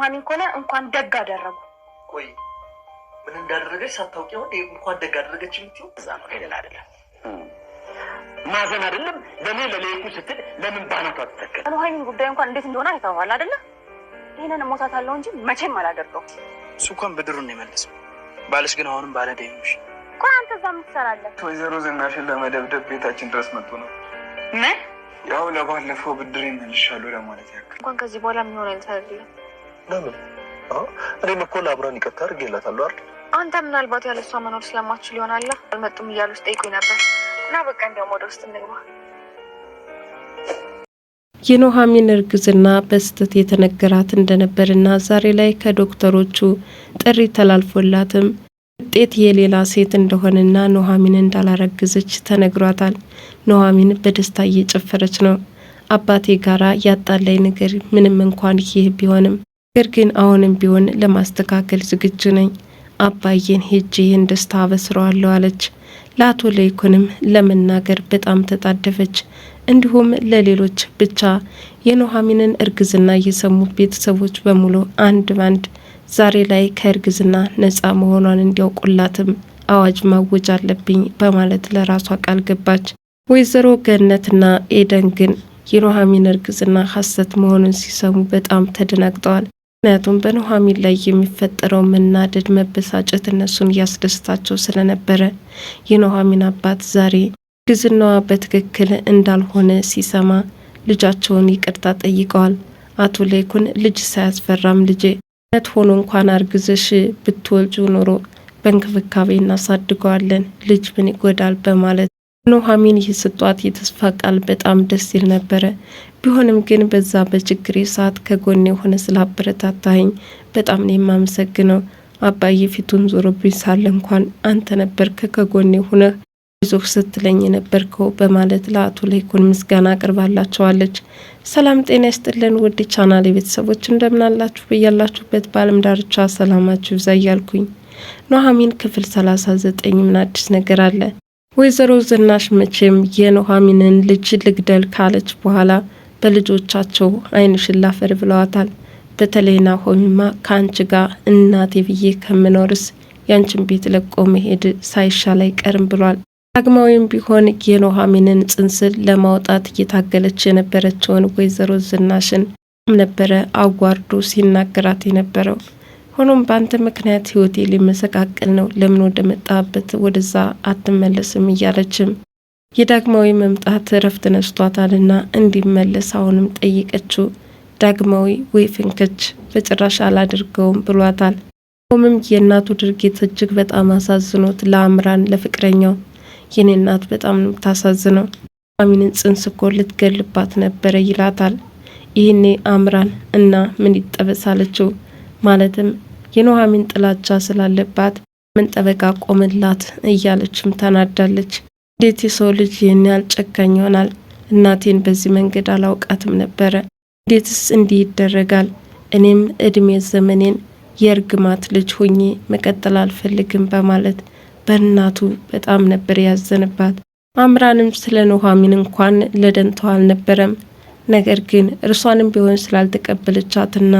ኑሐሚን ከሆነ እንኳን ደግ አደረጉ። ቆይ ምን እንዳደረገች ሳታውቂ ሆን እንኳን ደግ አደረገች የምትይው እዛ ነው፣ ሌላ አይደለም። ማዘን አይደለም ለእኔ ለሌኩ ስትል ለምን ባናቷ ትተከል? ኑሐሚን ጉዳይ እንኳን እንዴት እንደሆነ አይተዋል አይደለ? ይህንን አለው እንጂ መቼም አላደርገው። እሱ እንኳን ብድሩ ነው የመለሰው። ባልሽ ግን አሁንም ባለደሽ። ቆይ አንተ እዛ ምን ወይዘሮ ዝናሽን ለመደብደብ ቤታችን ድረስ መጡ ነው ምን ያው ለባለፈው ብድር ይመልሻሉ ለማለት ያክል እንኳን ከዚህ በኋላ የሚሆን አይነት አይደለም። ለምን? እኔም እኮ ለአምራን ይቅርታ አድርጌላታለሁ አይደል? አንተ ምናልባት ያለ እሷ መኖር ስለማችል ይሆናላ አልመጡም እያሉ ውስጥ ጠይቆኝ ነበር እና በቃ እንዲያውም ወደ ውስጥ እንግባ። የኑሐሚን እርግዝና በስህተት የተነገራት እንደነበርና ዛሬ ላይ ከዶክተሮቹ ጥሪ ተላልፎላትም ውጤት የሌላ ሴት እንደሆነና ኑሐሚን እንዳላረግዝች ተነግሯታል። ኑሐሚን በደስታ እየጨፈረች ነው። አባቴ ጋራ ያጣላይ ነገር ምንም እንኳን ይህ ቢሆንም ነገር ግን አሁንም ቢሆን ለማስተካከል ዝግጁ ነኝ። አባዬን ሄጄ ይህን ደስታ አበስረዋለሁ አለች። ለአቶ ለይኩንም ለመናገር በጣም ተጣደፈች። እንዲሁም ለሌሎች ብቻ የኑሐሚንን እርግዝና የሰሙ ቤተሰቦች በሙሉ አንድ ባንድ ዛሬ ላይ ከእርግዝና ነፃ መሆኗን እንዲያውቁላትም አዋጅ ማወጅ አለብኝ በማለት ለራሷ ቃል ገባች። ወይዘሮ ገነትና ኤደን ግን የኑሐሚን እርግዝና ሐሰት መሆኑን ሲሰሙ በጣም ተደናግጠዋል። ምክንያቱም በኑሐሚን ላይ የሚፈጠረው መናደድ፣ መበሳጨት እነሱን እያስደስታቸው ስለነበረ የኑሐሚን አባት ዛሬ ግዝናዋ በትክክል እንዳልሆነ ሲሰማ ልጃቸውን ይቅርታ ጠይቀዋል። አቶ ሌኩን ልጅ ሳያስፈራም ልጄ እውነት ሆኖ እንኳን አርግዘሽ ብትወልጁ ኖሮ በእንክብካቤ እናሳድገዋለን፣ ልጅ ምን ይጎዳል በማለት ኑሐሚን የሰጧት የተስፋ ቃል በጣም ደስ ይል ነበረ። ቢሆንም ግን በዛ በችግሬ ሰዓት ከጎን የሆነ ስላበረታታኸኝ በጣም ነው የማመሰግነው። አባዬ ፊቱን ዞሮብኝ ሳለ እንኳን አንተ ነበርክ ከጎን ሆነ ይዞህ ስትለኝ የነበርከው በማለት ለአቶ ላይኩን ምስጋና አቅርባላቸዋለች። ሰላም ጤና ይስጥልን ውድ ቻናል ቤተሰቦች እንደምናላችሁ በያላችሁበት በአለም ዳርቻ ሰላማችሁ ይብዛ እያልኩኝ ኑሐሚን ክፍል ሰላሳ ዘጠኝ ምን አዲስ ነገር አለ ወይዘሮ ዝናሽ መቼም የኑሐሚንን ልጅ ልግደል ካለች በኋላ በልጆቻቸው ሽላ ፈር ብለዋታል። በተለይ ናሆሚማ ከአንቺ ጋር እናቴ ብዬ ከምኖርስ ያንቺን ቤት ለቆ መሄድ ሳይሻል አይቀርም ብሏል። ዳግማዊም ቢሆን የኑሐሚንን ጽንስል ለማውጣት እየታገለች የነበረችውን ወይዘሮ ዝናሽን ነበረ አዋርዶ ሲናገራት የነበረው። ሆኖም በአንተ ምክንያት ህይወቴ ሊመሰቃቀል ነው፣ ለምን ወደ መጣበት ወደዛ አትመለስም? እያለችም የዳግማዊ መምጣት እረፍት ነስቷታልና እንዲመለስ አሁንም ጠይቀችው። ዳግማዊ ወይ ፍንክች በጭራሽ አላድርገውም ብሏታል። ሆምም የእናቱ ድርጊት እጅግ በጣም አሳዝኖት ለአምራን ለፍቅረኛው የኔ እናት በጣም ነው የምታሳዝነው፣ አሚንን ጽንስ እኮ ልትገልባት ነበረ ይላታል። ይህኔ አምራን እና ምን ይጠበሳለችው ማለትም የኑሐሚን ጥላቻ ስላለባት ጠበቃ ቆምላት እያለችም ተናዳለች። እንዴት የሰው ልጅ ይህን ያህል ጨካኝ ይሆናል? እናቴን በዚህ መንገድ አላውቃትም ነበረ። እንዴትስ እንዲህ ይደረጋል? እኔም እድሜ ዘመኔን የእርግማት ልጅ ሆኜ መቀጠል አልፈልግም በማለት በእናቱ በጣም ነበር ያዘንባት። አምራንም ስለ ኑሐሚን እንኳን ለደንተው አልነበረም። ነገር ግን እርሷንም ቢሆን ስላልተቀበለቻትና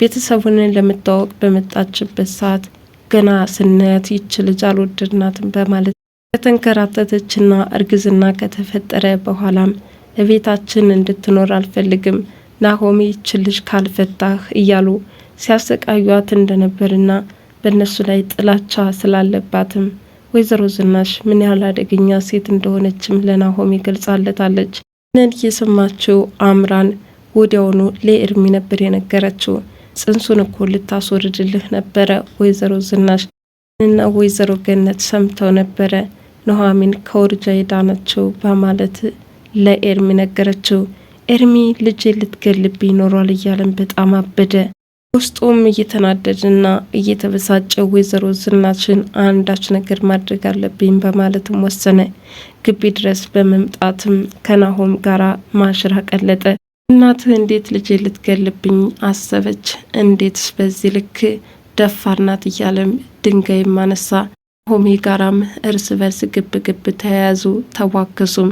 ቤተሰቡን ለምታወቅ በመጣችበት ሰዓት ገና ስናያት ይች ልጅ አልወደድናትም በማለት ከተንከራተተችና እርግዝና ከተፈጠረ በኋላም እቤታችን እንድትኖር አልፈልግም ናሆሚ ይች ልጅ ካልፈታህ እያሉ ሲያሰቃዩት እንደነበርና በእነሱ ላይ ጥላቻ ስላለባትም ወይዘሮ ዝናሽ ምን ያህል አደገኛ ሴት እንደሆነችም ለናሆሜ ገልጻለታለች። ነን የሰማችው አምራን ወዲያውኑ ለኤርሚ ነበር የነገረችው። ጽንሱን እኮ ልታስወርድልህ ነበረ። ወይዘሮ ዝናሽ እና ወይዘሮ ገነት ሰምተው ነበረ ኑሐሚን ከውርጃ የዳነችው በማለት ለኤርሚ ነገረችው። ኤርሚ ልጄ ልትገልብ ይኖሯል እያለን በጣም አበደ። ውስጡም እየተናደድና እየተበሳጨ ወይዘሮ ዝናችን አንዳች ነገር ማድረግ አለብኝ በማለትም ወሰነ። ግቢ ድረስ በመምጣትም ከናሆም ጋራ ማሽራ ቀለጠ። እናትህ እንዴት ልጄ ልትገልብኝ አሰበች? እንዴትስ በዚህ ልክ ደፋር ናት? እያለም ድንጋይ ማነሳ ሆሜ ጋራም እርስ በርስ ግብ ግብ ተያያዙ፣ ተዋከሱም።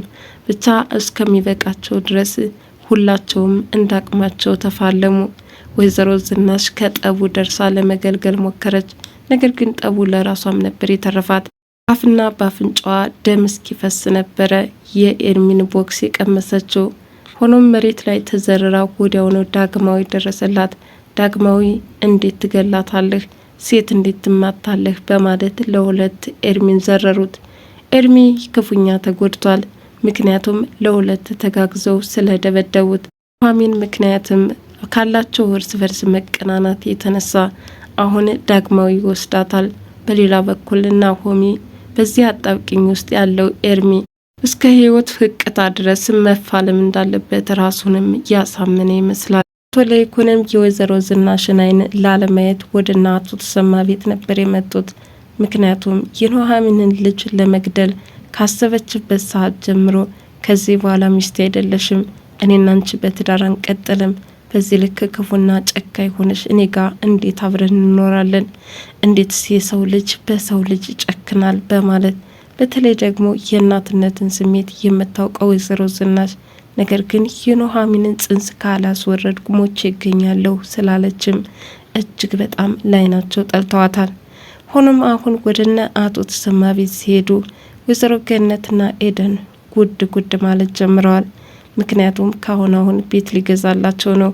ብቻ እስከሚበቃቸው ድረስ ሁላቸውም እንዳቅማቸው ተፋለሙ። ወይዘሮ ዝናሽ ከጠቡ ደርሳ ለመገልገል ሞከረች። ነገር ግን ጠቡ ለራሷም ነበር የተረፋት። አፍና በአፍንጫዋ ደም እስኪፈስ ነበረ የኤርሚን ቦክስ የቀመሰችው። ሆኖም መሬት ላይ ተዘርራ ወዲያውኑ ዳግማዊ ደረሰላት። ዳግማዊ እንዴት ትገላታለህ? ሴት እንዴት ትማታለህ? በማለት ለሁለት ኤርሚን ዘረሩት። ኤርሚ ክፉኛ ተጎድቷል። ምክንያቱም ለሁለት ተጋግዘው ስለደበደቡት ኑሐሚን ምክንያትም ካላቸው እርስ በርስ መቀናናት የተነሳ አሁን ዳግማዊ ይወስዳታል። በሌላ በኩል ናሆሚ በዚህ አጣብቂኝ ውስጥ ያለው ኤርሚ እስከ ህይወት ፍቅታ ድረስ መፋለም እንዳለበት ራሱንም ያሳመነ ይመስላል። አቶ ለይኩንም የወይዘሮ ዝናሽን አይን ላለማየት ወደ እነ ተሰማ ቤት ነበር የመጡት። ምክንያቱም የኑሐሚንን ልጅ ለመግደል ካሰበችበት ሰዓት ጀምሮ ከዚህ በኋላ ሚስት አይደለሽም፣ እኔና አንቺ በትዳር አንቀጥልም፣ በዚህ ልክ ክፉና ጨካኝ ሆነሽ እኔ ጋር እንዴት አብረን እንኖራለን? እንዴትስ የሰው ልጅ በሰው ልጅ ይጨክናል? በማለት በተለይ ደግሞ የእናትነትን ስሜት የምታውቀው ወይዘሮ ዝናሽ ነገር ግን የኑሐሚንን ጽንስ ካላስወረድኩ ቁሞች ይገኛለሁ ስላለችም እጅግ በጣም ላይናቸው ጠልተዋታል። ሆኖም አሁን ወደነ አቶ ተሰማ ቤት ሲሄዱ ወይዘሮ ገነትና ኤደን ጉድ ጉድ ማለት ጀምረዋል። ምክንያቱም ካሁን አሁን ቤት ሊገዛላቸው ነው።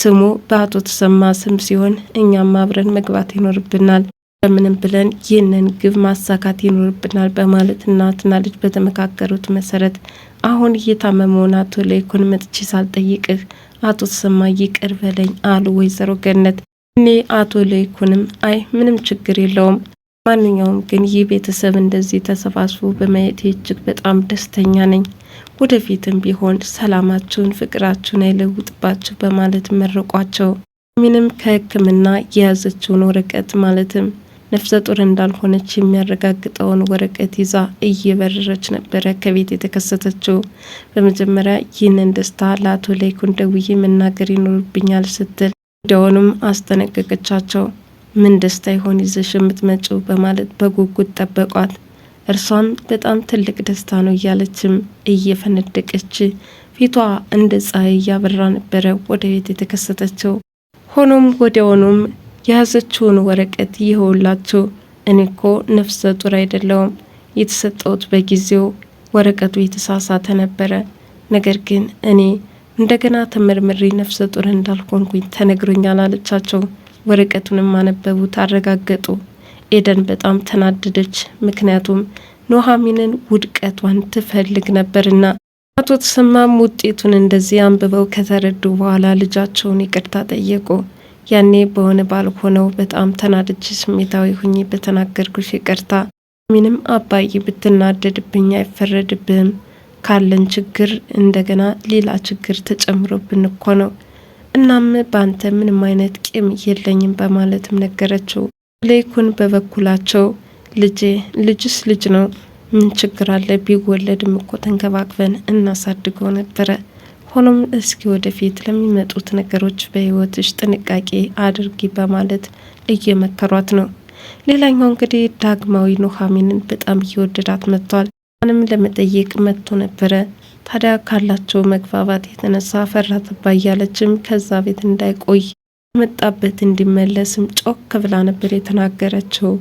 ስሙ በአቶ ተሰማ ስም ሲሆን እኛም አብረን መግባት ይኖርብናል። በምንም ብለን ይህንን ግብ ማሳካት ይኖርብናል በማለት እናትና ልጅ በተመካከሩት መሰረት አሁን እየታመመውን አቶ ለይኩን መጥቼ ሳልጠይቅህ አቶ ተሰማ ይቅር በለኝ አሉ ወይዘሮ ገነት። እኔ አቶ ለይኩንም አይ ምንም ችግር የለውም፣ ማንኛውም ግን ይህ ቤተሰብ እንደዚህ ተሰባስቦ በማየት እጅግ በጣም ደስተኛ ነኝ። ወደፊትም ቢሆን ሰላማችሁን፣ ፍቅራችሁን አይለውጥባችሁ በማለት መረቋቸው። ሚንም ከሕክምና የያዘችውን ወረቀት ማለትም ነፍሰ ጡር እንዳልሆነች የሚያረጋግጠውን ወረቀት ይዛ እየበረረች ነበረ ከቤት የተከሰተችው። በመጀመሪያ ይህንን ደስታ ለአቶ ላይኩን ደውዬ መናገር ይኖርብኛል ስትል ወዲያውኑም አስጠነቀቀቻቸው። ምን ደስታ ይሆን ይዘሽ የምትመጪው በማለት በጉጉት ጠበቋት። እርሷም በጣም ትልቅ ደስታ ነው እያለችም እየፈነደቀች ፊቷ እንደ ፀሐይ እያበራ ነበረ ወደ ቤት የተከሰተችው። ሆኖም ወዲያውኑም የያዘችውን ወረቀት ይኸውላችሁ፣ እኔ እኮ ነፍሰ ጡር አይደለውም የተሰጠሁት በጊዜው ወረቀቱ የተሳሳተ ነበረ። ነገር ግን እኔ እንደገና ተመርምሬ ነፍሰ ጡር እንዳልሆንኩኝ ተነግሮኛል አለቻቸው። ወረቀቱንም አነበቡት፣ አረጋገጡ። ኤደን በጣም ተናደደች። ምክንያቱም ኑሐሚንን ውድቀቷን ትፈልግ ነበርና። አቶ ተሰማም ውጤቱን እንደዚህ አንብበው ከተረዱ በኋላ ልጃቸውን ይቅርታ ጠየቁ። ያኔ በሆነ ባልሆነው በጣም ተናድጄ ስሜታዊ ሁኜ በተናገርኩሽ ይቅርታ። ምንም አባዬ ብትናደድብኝ አይፈረድብህም። ካለን ችግር እንደገና ሌላ ችግር ተጨምሮብን እኮ ነው። እናም በአንተ ምንም አይነት ቂም የለኝም በማለትም ነገረችው። ሌይኩን በበኩላቸው ልጄ ልጅስ ልጅ ነው፣ ምን ችግር አለ? ቢወለድም እኮ ተንከባክበን እናሳድገው ነበረ ሆኖም እስኪ ወደፊት ለሚመጡት ነገሮች በሕይወትሽ ጥንቃቄ አድርጊ በማለት እየመከሯት ነው። ሌላኛው እንግዲህ ዳግማዊ ኑሐሚንን በጣም እየወደዳት መጥቷል። አንም ለመጠየቅ መጥቶ ነበረ። ታዲያ ካላቸው መግባባት የተነሳ ፈራ ተባ እያለችም ከዛ ቤት እንዳይቆይ መጣበት እንዲመለስም ጮክ ብላ ነበር የተናገረችው።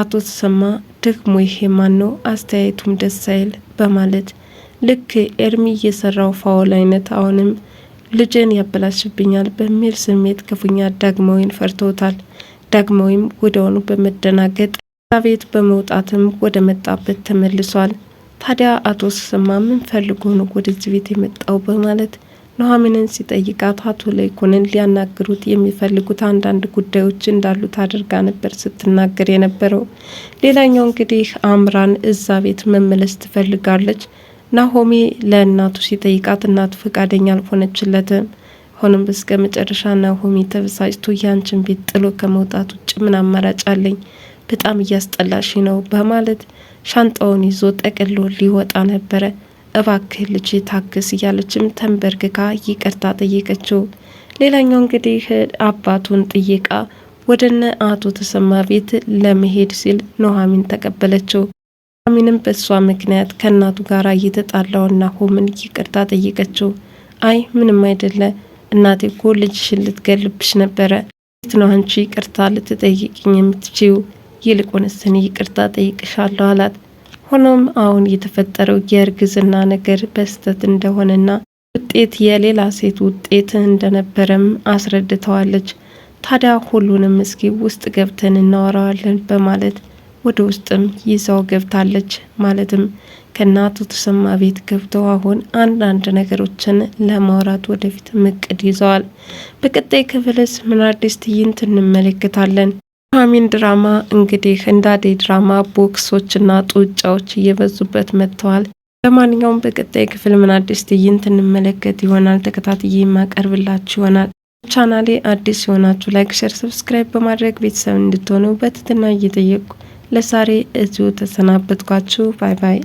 አቶ ተሰማ ደግሞ ይሄ ማን ነው? አስተያየቱም ደስ አይል በማለት ልክ ኤርሚ እየሰራው ፋውል አይነት አሁንም ልጄን ያበላሽብኛል በሚል ስሜት ክፉኛ ዳግማዊን ፈርቶታል። ዳግማዊም ወዲያውኑ በመደናገጥ ቤት በመውጣትም ወደ መጣበት ተመልሷል። ታዲያ አቶ ስሰማ ምን ፈልጎ ነው ወደዚህ ቤት የመጣው በማለት ኑሐሚንን ሲጠይቃት አቶ ላይኮንን ሊያናግሩት የሚፈልጉት አንዳንድ ጉዳዮች እንዳሉት አድርጋ ነበር ስትናገር የነበረው። ሌላኛው እንግዲህ አምራን እዛ ቤት መመለስ ትፈልጋለች። ናሆሜ ለእናቱ ሲጠይቃት እናቱ ፈቃደኛ አልሆነችለትም። ሆኖም እስከ መጨረሻ ናሆሜ ተበሳጭቶ ያንችን ቤት ጥሎ ከመውጣት ውጭ ምን አማራጭ አለኝ? በጣም እያስጠላሽ ነው በማለት ሻንጣውን ይዞ ጠቅሎ ሊወጣ ነበረ። እባክህ ልጅ ታክስ እያለችም ተንበርክካ ይቅርታ ጠየቀችው። ሌላኛው እንግዲህ አባቱን ጥየቃ ወደነ አቶ ተሰማ ቤት ለመሄድ ሲል ኑሐሚን ተቀበለችው። አሚንም በእሷ ምክንያት ከእናቱ ጋር እየተጣላውና ሆምን ይቅርታ ጠየቀችው። አይ ምንም አይደለ፣ እናቴ እኮ ልጅሽን ልትገልብሽ ነበረ። የት ነው አንቺ ይቅርታ ልትጠይቅኝ የምትችው? ይልቁንስ ይቅርታ ጠይቅሻለሁ አላት። ሆኖም አሁን የተፈጠረው የእርግዝና ነገር በስተት እንደሆነና ውጤት የሌላ ሴት ውጤት እንደነበረም አስረድተዋለች። ታዲያ ሁሉንም እስኪ ውስጥ ገብተን እናወራዋለን በማለት ወደ ውስጥም ይዛው ገብታለች። ማለትም ከእናቱ ተሰማ ቤት ገብተው አሁን አንዳንድ ነገሮችን ለማውራት ወደፊት እቅድ ይዘዋል። በቀጣይ ክፍልስ ምን አዲስ ትዕይንት እንመለከታለን? ኑሐሚን ድራማ እንግዲህ እንዳዴ ድራማ ቦክሶችና ጡጫዎች እየበዙበት መጥተዋል። ለማንኛውም በቀጣይ ክፍል ምን አዲስ ትዕይንት እንመለከት ይሆናል ተከታትዬ የማቀርብላችሁ ይሆናል። ቻናሌ አዲስ የሆናችሁ ላይክ፣ ሸር፣ ሰብስክራይብ በማድረግ ቤተሰብ እንድትሆኑ በትህትና እየጠየቁ ለዛሬ እዚሁ ተሰናበትኳችሁ። ባይ ባይ።